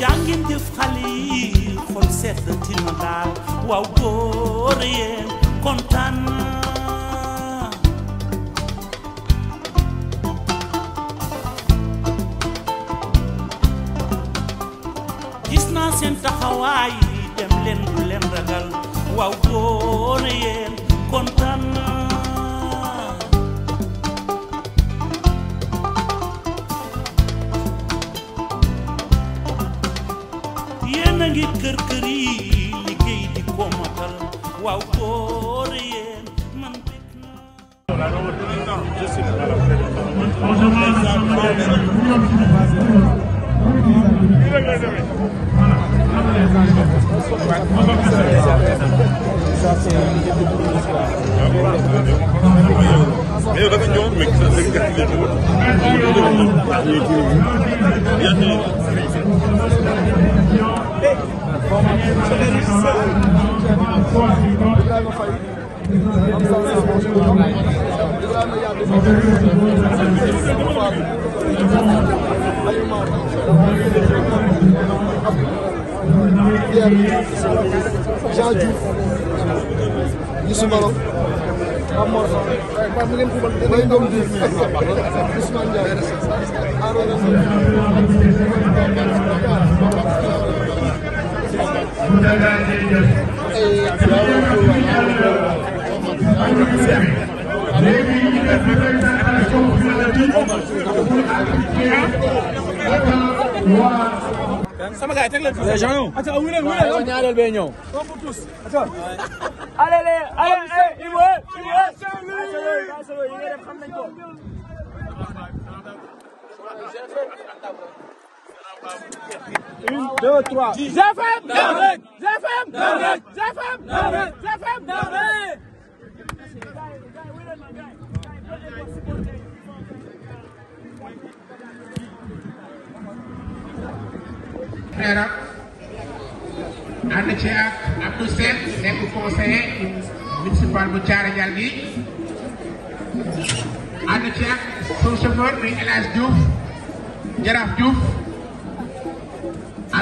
jàngeen jëf xale yi xol sedd tina daal waaw góor yeen kontaan gis naa seen taxawaay dem leen waaw góor yeen ngi kër kër di ko matal waaw góor yéen man bég naa Jean Diouf Youssou Maro Pape Mor Fall Mbaye Ngom Diouf Ousmane Ndiaye sama gars yi teg leen tuuti. atiwa wile wile. waaw ñaareel bee ñëw. on peut tous. atiwa. allez les allez les. Ibo Ibo. Saloum yi nga def xam nañ ko. Une, deux, trois. ZFM Navré ZFM Navré ZFM Navré ZFM Navré Frère, ànd ci ak Abdou Sène nekk conseiller municipal bu Thiaré Ndial gi ànd ci ak son chauffeur bi El Hadj Diouf Jaraaf Diouf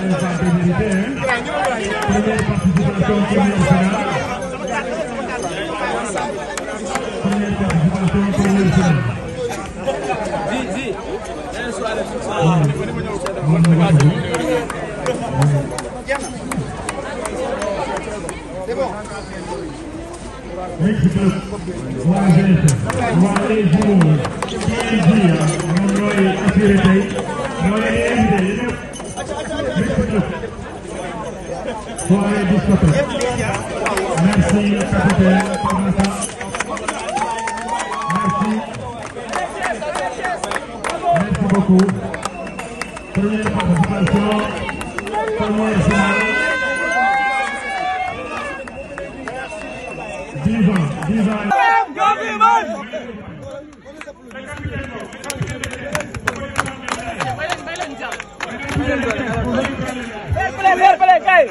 même pas de vérité. Hein. Première participation au Premier Sénat. vamos participation vamos Premier vamos Ah, bon, bon, bon. C'est bon. Mexico, Guadeloupe, Guadeloupe. côté. Merci, capitaine. Merci. Merci beaucoup. Première participation. Première finale. 10 ans, 10 ans. Play, play, play, play, guys.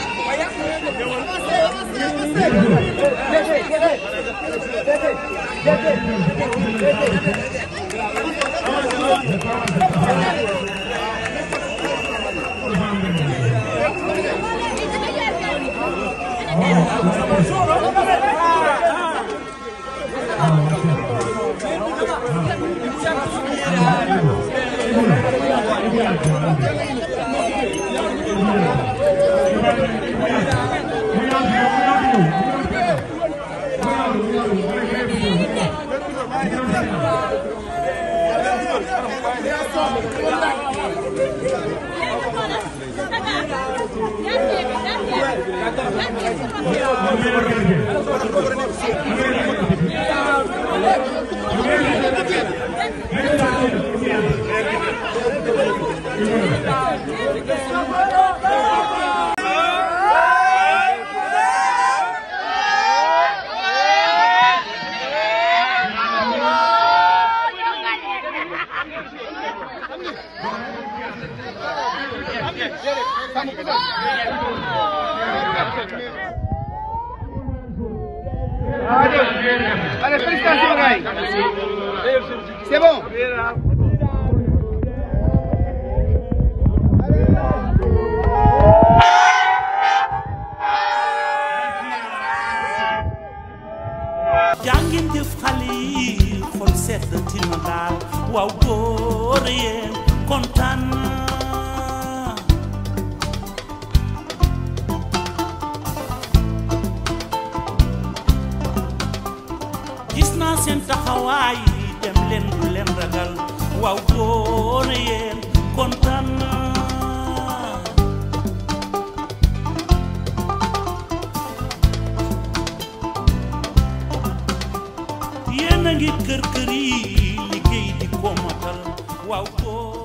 Get it! Get it! Get it! Get it! Get it! Get it! Obrigado. Olha, felicitações aí. Isso é bom. jàngin jëf xale yi xol sedd dina daal waaw góor seen taxawaay dem leen du leen ragal waaw góor yéen kontaan naa yéen a ngi kër kër yi liggéey ko matal waaw góor